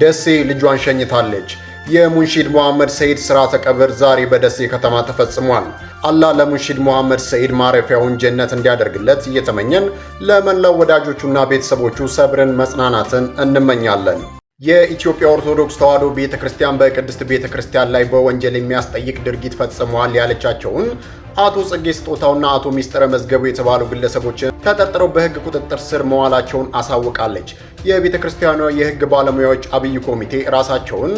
ደሴ ልጇን ሸኝታለች። የሙንሺድ መሐመድ ሰይድ ስርዓተ ቀብር ዛሬ በደሴ ከተማ ተፈጽሟል። አላህ ለሙንሺድ መሐመድ ሰይድ ማረፊያውን ጀነት እንዲያደርግለት እየተመኘን ለመላው ወዳጆቹና ቤተሰቦቹ ሰብርን፣ መጽናናትን እንመኛለን። የኢትዮጵያ ኦርቶዶክስ ተዋሕዶ ቤተ ክርስቲያን በቅድስት ቤተ ክርስቲያን ላይ በወንጀል የሚያስጠይቅ ድርጊት ፈጽመዋል ያለቻቸውን አቶ ጽጌ ስጦታውና አቶ ሚስጥረ መዝገቡ የተባሉ ግለሰቦችን ተጠርጥረው በህግ ቁጥጥር ስር መዋላቸውን አሳውቃለች። የቤተ ክርስቲያኗ የህግ ባለሙያዎች አብይ ኮሚቴ ራሳቸውን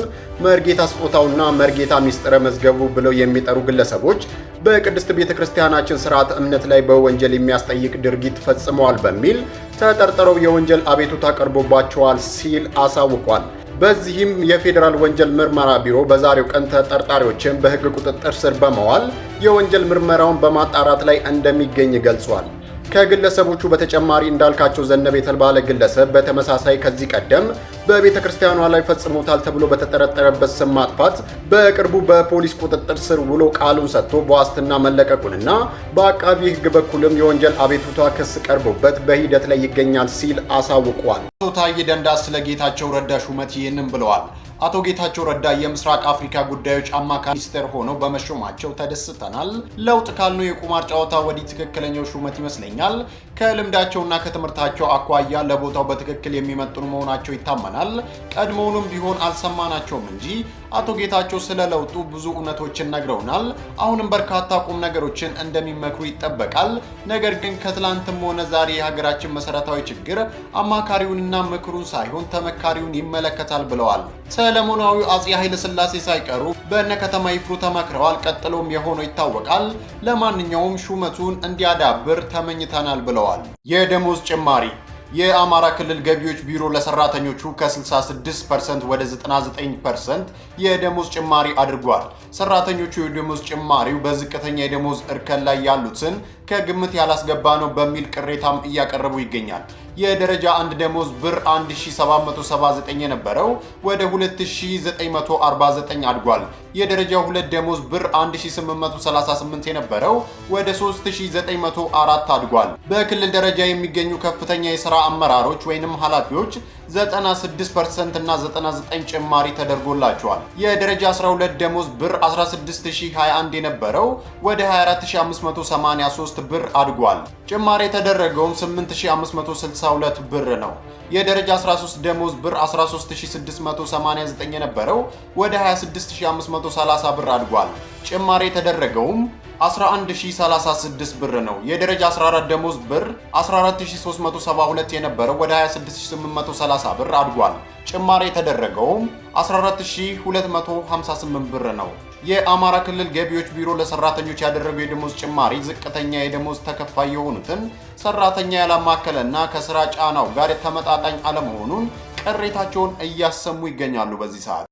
መርጌታ ስጦታውና መርጌታ ሚስጥረ መዝገቡ ብለው የሚጠሩ ግለሰቦች በቅድስት ቤተ ክርስቲያናችን ስርዓት እምነት ላይ በወንጀል የሚያስጠይቅ ድርጊት ፈጽመዋል በሚል ተጠርጥረው የወንጀል አቤቱታ ቀርቦባቸዋል ሲል አሳውቋል። በዚህም የፌዴራል ወንጀል ምርመራ ቢሮ በዛሬው ቀን ተጠርጣሪዎችን በህግ ቁጥጥር ስር በመዋል የወንጀል ምርመራውን በማጣራት ላይ እንደሚገኝ ገልጿል። ከግለሰቦቹ በተጨማሪ እንዳልካቸው ዘነበ የተባለ ግለሰብ በተመሳሳይ ከዚህ ቀደም በቤተ ክርስቲያኗ ላይ ፈጽሞታል ተብሎ በተጠረጠረበት ስም ማጥፋት በቅርቡ በፖሊስ ቁጥጥር ስር ውሎ ቃሉን ሰጥቶ በዋስትና መለቀቁንና በአቃቢ ህግ በኩልም የወንጀል አቤቱታ ክስ ቀርቦበት በሂደት ላይ ይገኛል ሲል አሳውቋል። አቶ ታዬ ደንዳ ስለ ጌታቸው ረዳ ሹመት ይህንም ብለዋል። አቶ ጌታቸው ረዳ የምስራቅ አፍሪካ ጉዳዮች አማካሪ ሚኒስትር ሆነው በመሾማቸው ተደስተናል። ለውጥ ካልነው የቁማር ጨዋታ ወዲህ ትክክለኛው ሹመት ይመስለኛል። ከልምዳቸውና ከትምህርታቸው አኳያ ለቦታው በትክክል የሚመጥኑ መሆናቸው ይታመናል። ቀድሞውንም ቢሆን አልሰማናቸውም እንጂ አቶ ጌታቸው ስለ ለውጡ ብዙ እውነቶችን ነግረውናል። አሁንም በርካታ ቁም ነገሮችን እንደሚመክሩ ይጠበቃል። ነገር ግን ከትላንትም ሆነ ዛሬ የሀገራችን መሰረታዊ ችግር አማካሪውን እና ምክሩን ሳይሆን ተመካሪውን ይመለከታል ብለዋል። ሰለሞናዊ አጼ ሥላሴ ሳይቀሩ በእነ ከተማ ይፍሩ ተመክረዋል። ቀጥሎም የሆነው ይታወቃል። ለማንኛውም ሹመቱን እንዲያዳብር ተመኝተናል ብለዋል። የደሞዝ ጭማሪ የአማራ ክልል ገቢዎች ቢሮ ለሰራተኞቹ ከ66% ወደ 99% የደሞዝ ጭማሪ አድርጓል። ሰራተኞቹ የደሞዝ ጭማሪው በዝቅተኛ የደሞዝ እርከን ላይ ያሉትን ከግምት ያላስገባ ነው በሚል ቅሬታም እያቀረቡ ይገኛል። የደረጃ አንድ ደሞዝ ብር 1779 የነበረው ወደ 2949 አድጓል። የደረጃ ሁለት ደሞዝ ብር 1838 የነበረው ወደ 3904 አድጓል። በክልል ደረጃ የሚገኙ ከፍተኛ የሥራ አመራሮች ወይንም ኃላፊዎች 96% እና 99 ጭማሪ ተደርጎላቸዋል። የደረጃ 12 ደሞዝ ብር 16021 የነበረው ወደ 24583 ብር አድጓል። ጭማሪ የተደረገውም 8562 ብር ነው። የደረጃ 13 ደሞዝ ብር 13689 የነበረው ወደ 26530 ብር አድጓል። ጭማሪ የተደረገውም 11036 ብር ነው። የደረጃ 14 ደሞዝ ብር 14372 የነበረው ወደ 26830 ብር አድጓል። ጭማሪ የተደረገውም 14258 ብር ነው። የአማራ ክልል ገቢዎች ቢሮ ለሰራተኞች ያደረገው የደሞዝ ጭማሪ ዝቅተኛ የደሞዝ ተከፋይ የሆኑትን ሰራተኛ ያላማከለና ከስራ ጫናው ጋር ተመጣጣኝ አለመሆኑን ቅሬታቸውን እያሰሙ ይገኛሉ። በዚህ ሰዓት